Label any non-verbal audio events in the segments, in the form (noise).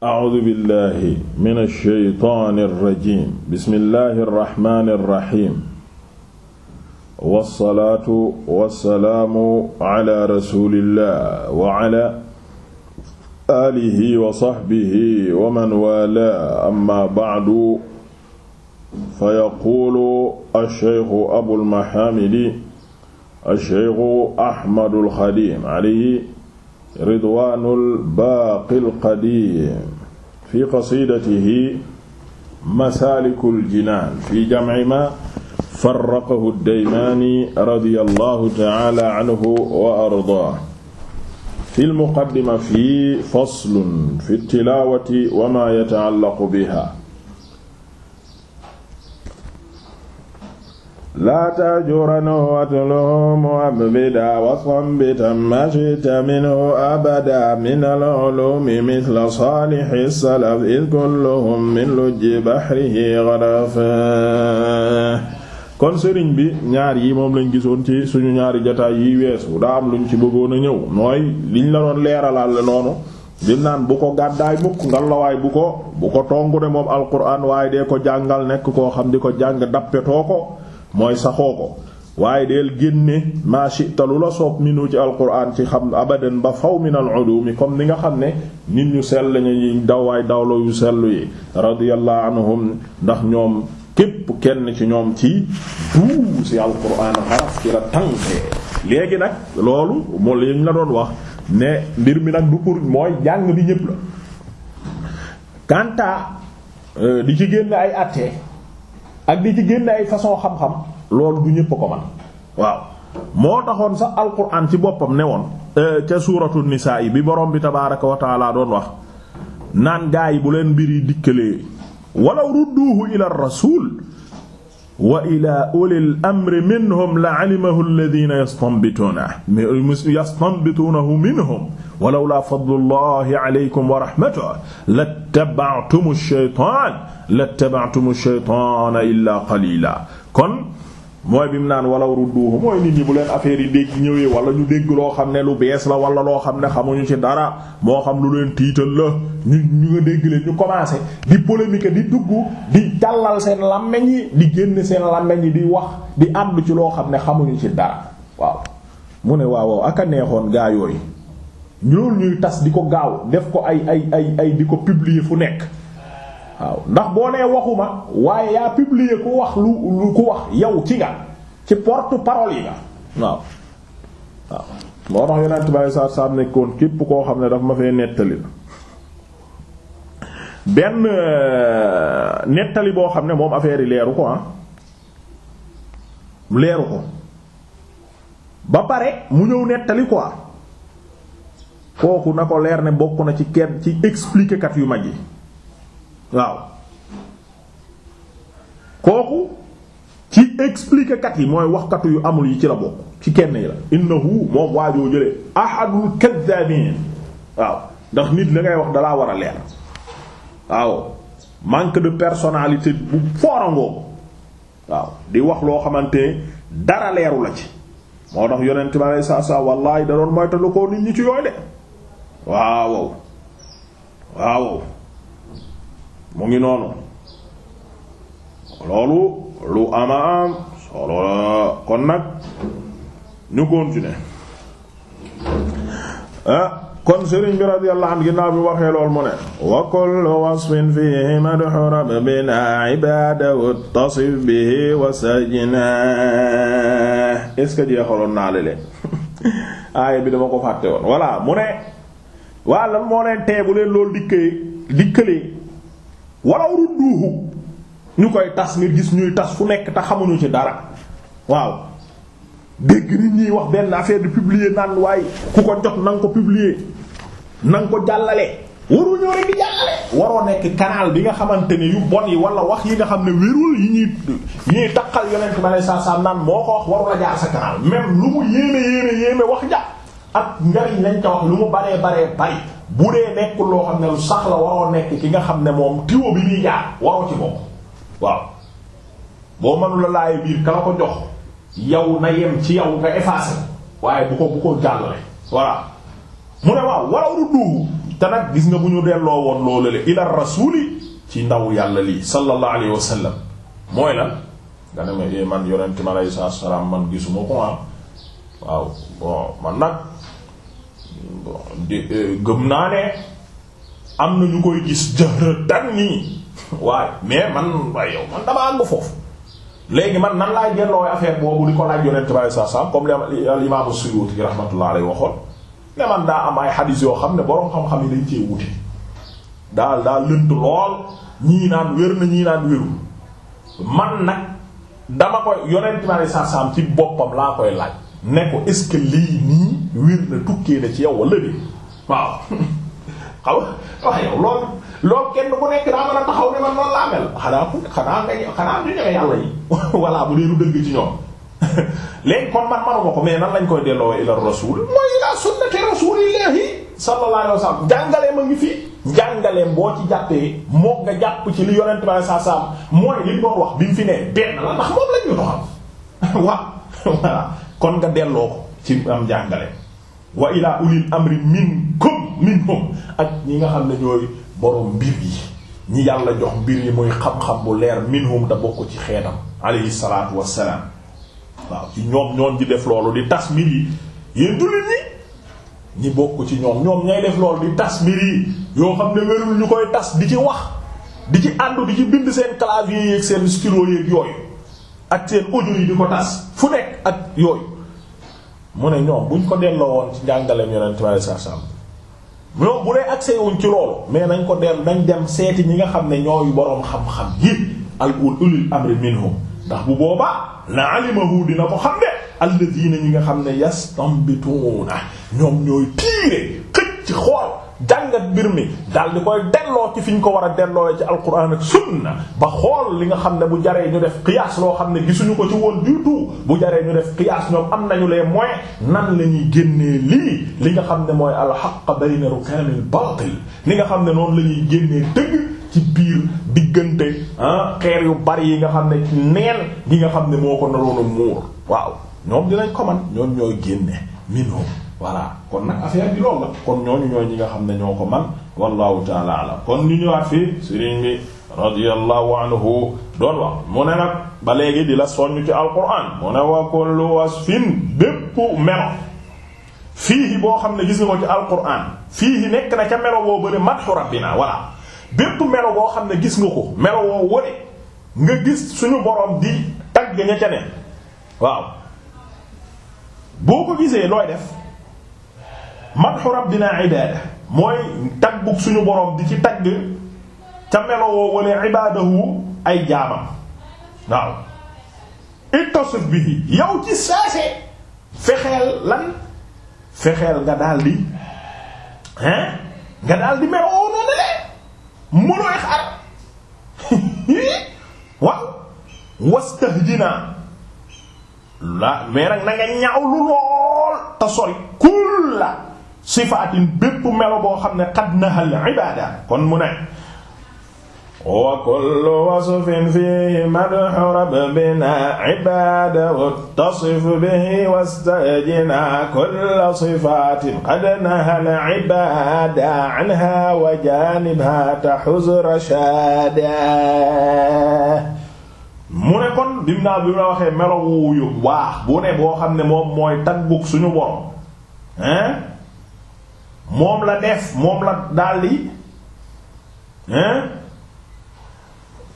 A'uuzu billaahi mina shaytaani rajiim bismillaahi rahmaani rahiim. Wassalaatu wassalaamu ala rasuulillaah wa ala aalihi wa sahbihi wa man waalaahu amma ba'du. Fayaquulu ash-shaykhu Abul Mahaamidi ash-shaykhu Ahmadul Xadiim alayhi ridwaanul baaqil qadiim fi qasiidatihi masaalikul jinaan fi jamci maa farraqahu ad-daymaani radiyallahu ta'aala anhu wa ardaahu fi al-muqaddima fi faslun fi tilaawati wa maa yata'allaqu bihaa laa tajuranu watluhumu abida wasambitan mashita minhu abada min al-ulumi mithla salihi salaf id kulluhum min lujji bahrihi gharafa kon sëriñ bi ñaar yi moom lañ gisoon ci suñu ñaari jotaay yiy weesu daa am luñ ci bëggoon a ñëw mooy liñ la doon leeralal la noonu di naan bu ko gàddaay mukk ngal la waay bu ko bu ko tongu de moom alquran waaye dee ko jàngal nekk koo xam di ko jàng dappetoo ko mooy saxoo ko waaye del génne maa shita lu la soob minu ci alquran ci xam abadan ba faw min al ulumi comme ni nga xam ne nit ñu sell ñu dawaay dawlo yu sellu yi radiyallahu anhum ndax ñoom képp kenn ci ñoom ci duu si alquran xaraf ci la tànkee léegi nag loolu moo lañ la doon wax ne mbir mi nag du pour mooy jàng bi ñépp la kanta euh, di ci génn ay attee ak di ci génne ay façon xam-xam loolu du ñëpp ko man waaw moo taxoon sax alquran ci boppam ne woon euh, ca suuratu nisaa bi borom bi tabaaraka wa taala doon wax naan gaa yi bu leen mbir yi dikkalee walaw rudduuhu ila rasul wa ila ulil amri minhum la alimahu alladhina yastanbitunahu minhum walaw la fadlullahi alaykum wa rahmatuhu lattaba'tumu shaytaan lattaba'tumu shaytaana illaa qaliila kon mooy bi mu naan walaw rudduhu mooy nit ñi bu leen affaire yi dégg ñëwee wala ñu dégg loo xam ne lu bees la wala loo xam ne xamuñu ci dara moo xam lu leen tiital la ñu ñu nga dégg leen ñu commencé di polémique di dugg di jàllal seen làmmeñ yi di génn seen làmmeñ yi di wax di àddu ci loo xam ne xamuñu ci dara waaw mu ne waaw waaw aka neexoon gaa yooyu loolu ñuy tas di ko gaaw def ko ay ay ay ay di ko publier fu nekk waaw ndax boo nee waxuma waaye yaa publier ku wax lu lu ku wax yow ci nga ci porte parole yi nga waaw waaw moo tax yonent bàyyi saab saab nekkoon képp koo xam ne daf ma fee nettali benn euh, nettali boo xam ne moom affaire leeru ko ah leeru ko ba pare mu ñëw nettali quoi kooku na ko leer ne bokk na ci kenn ci expliquer kat yu mag yi waaw kooku ci expliquer yi mooy waxkatu yu amul yi ci la bokk ci kenn yi la innahu moom waajoo jëlee ahadul kaddaabin waaw ndax nit la ngay wax dalaa war a leer waaw manque de personnalité bu foorangoo waaw di wax loo xamante dara leeru la ci moo tax yonent bi aleyhi salaatu wa salaam wallaahi da doon moytandu ko nit ñi ci yooy de waaw waaw mu ngi noonu loolu lu ama am solo kon nag ñu continuer ah, kon sëriñ bi radiyallahu anhu ginnaaw bi waxee lool mu ne wa kullu wasfin fihi madhu rabbina ibadahu naa lele (laughs) mu ne waa lan moo leen tee bu leen loolu dikkee dikkalee walaw rudduuhu ñu koy tas ngir gis ñuy tas fu nekk te xamuñu ci dara waaw dégg nit ñi wax benn affaire de publier naan waaye ku ko jot na ko publier na ko jàllale waru ñoo di jàllale waroo nekk canal bi nga xamante ni yu bon yi wala wax yi nga xam ne wérul yi ñuy yi ñuy taqal yonent ma lay sa sa naan moo ko wax waru jaar sa canal même lu mu yéeme yéeme wax ja ak njariñ lañ ca wax lu mu baree baree bari bu dee nekkul loo xam ne lu sax la waroo nekk ki nga xam ne moom tiwo bi ñuy jaar waroo ci moom waaw boo laay biir ka la na ci yow nga waaye ko bu ko gis nga bu ñu delloo woon loolu le ci ndaw yàlla lii sallallahu alayhi wa sallam ma eh, man yonent man gisuma ko ah. man nag bon di eh, gëm naa ne am na ñu koy gis jërë dan nii waaye mais man waaye yow man damaa àgg foofu léegi man nan laa jëlloo affaire boobu di ko laaj yonent bi saa saa comme li al imam Suyuti rahmatullah alayhi waxoon man daa am ay xadiis yoo xam ne boroom xam-xam yi dañ cee wuti daal daal lënt lool ñii naan wér na ñii naan wéru man nag dama koy yonent saa saa ci boppam laa koy laaj. ne ko est-ce que lii nii wér na tukkee ci yow walla bi waaw (laughs) xaw wax yow loolu loolu kenn ku nekk daa mën a taxaw ne man noonu laa mel xanaa ku xanaa nga xanaa ñu ñëwee (laughs) ci ñoom (laughs) léegi kon man manuma ko mais nan lañ koy delloo ila rasul mooy ila sunnati rasulillahi sallallahu ci jàppee mook nga ci li yonent ba saa saam wax bi fi ne waaw kon nga delloo ko ci am jàngale wa ilaa ulil amri minkum minhum ak ñi nga xam ne ñooy borom mbir yi ñi yàlla jox mbir yi muy xam-xam bu leer minhum da bokk ci xeetam alayhi salaatu wassalaam waaw ci ñoom ñoom di def loolu di tas mbir yi yéen jullit ci ñoom ñoom ñay tas mbir yi yoo xam ne wérul ñu koy tas di ci wax di ci àndu di ci bind seen clavier yeeg seen stylo yeeg yooyu ak seen audio yi di ko tas fu nekk ak yooyu mu ne ñoom buñ ko delloo woon ci njàngaleem yonent bi saa saa ñoom bu dee accès wuñ ci loolu mais nañ ko dell nañ dem seeti ñi nga xam ne ñooy boroom xam-xam yi al ulul amri minhum ndax bu boobaa la alimahu dina ko xam ne alladina ñi nga xam ne yastambituuna ñoom ñooy tiire xëcc xool. jàngat mbir mi daal di koy delloo ci fi ñu ko war a delloo ci alquran ak sunna ba xool li nga xam ne bu jaree ñu def qiyaas loo xam ne gisuñu ko ci woon du bu jaree ñu def qiyaas ñoom am nañu leen mooy nan la ñuy génnee lii li nga xam ne mooy alxaq bayna rukanil baatil ni nga xam ne noonu la ñuy génnee dëgg ci biir diggante ah xeer yu bari yi nga xam ne neen gi nga xam ne moo ko naroon a muur waaw ñoom dinañ ko man ñoom ñooy génne minoo voilà kon nag affaire bi loolu la kon ñooñu ñooy ñi nga xam ne ñoo ko man wallahu taala kon ñu ñëwaat fii sëriñ bi radiyallahu anhu doon wax mu ne nag ba léegi di la soññ ci alquran mu ne wa kullu wasfin bépp melo fii boo xam ne gis nga ko ci alquran fii nekk na ca melo boo bëri madhu rabbina voilà bépp melo boo xam ne gis nga ko melo woo wëre nga gis suñu borom di tagg ña ca ne waaw boo ko gisee looy def madhu rabbina ibaada mooy taggug suñu borom di ci tagg ca melowoo wala ibaadahu ay jaamam waaw ittasif bihi yow ci saase fexeel lan fexeel nga daal hein nga daal melowoo noonu le mënooy xar (laughs) waaw wastahjina la mais nag na nga ñaaw lu lool te kulla sifaatin bépp melo boo xam ne xad nahal ibaada kon mu ne wa kullu wasfin fihi madhu rabbina ibaada wattasif bihi wastajina kulla sifatin qad nahal ibaada anha wa janibha tahuz rashada mu ne kon dim naa bi mu ne waxee melo wu yu waax bu ne boo xam ne moom mooy tagbuk suñu borom hein moom la def moom la daldi hein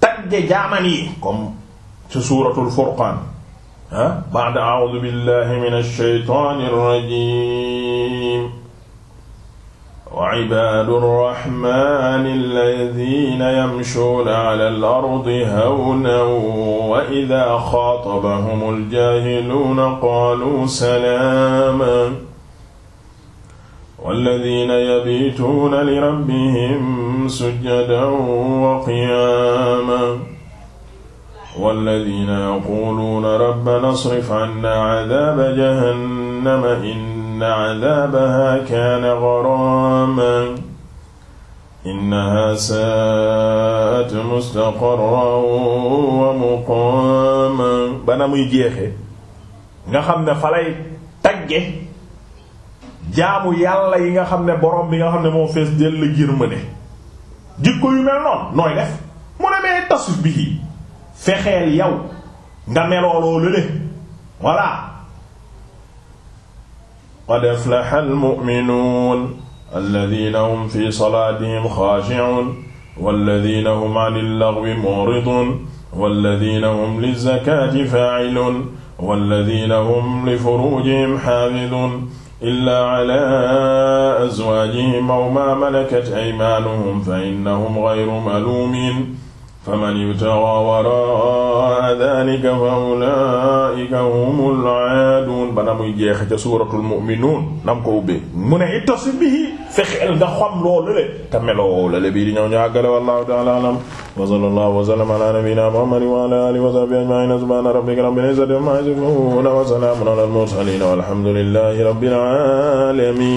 tagge jaaman yi comme ci suuratul furqaan ah ba'da a'uudu billahi minash shaytaanir rajiim wa ibaadu rrahmaani allaziina yamshuuna alal ardi hawnan wa izaa xaatabahumul jaahiluuna qaaluu salaaman walladina yabiituuna li rabbihim sujjadan wa qiyaama walladina yaquuluuna rabbana srif canna cadaaba jahannama inna cadaabaha kaana garaama innaha saa'at mustaqarran wa muqaama bana muy jeexe nga xam ne falay tagge jaamu yàlla yi nga xam ne borom bi nga xam ne moo fees dell la yërmande jikko yu mel noonu nooy def mu ne mee tasuf bi fexeel yow nga meloo loolu le voilà qad aflaha almu'minuun alladhiina hum fi salaatihim xaashi'uun walladhiina hum 'anil laghwi mu'riduun walladhiina hum liz-zakaati faa'iluun walladhiina hum li furuujihim haafizuun illaa ala azwaajihim aw maa malakat aymaanuhum fa innahum ghayru maluumiin faman ibtagaa waraa daalika fa ulaa'ika humul aaduun bana muy jeexe ca suuratul mu'minuun nam ko ubbee mu ne ittasi bihi fexeel nga xam loolu le te meloo lale bii di ñëw ñu àggale wallahu ta'ala a'lam wa sallallahu wa sallama ala nabiyyina muhammadin wa ala alihi wa sahbihi ajma'in subhana rabbika rabbil izzati amma yasifun wa salaamun ala al mursaliin walhamdulillahi rabbil alamin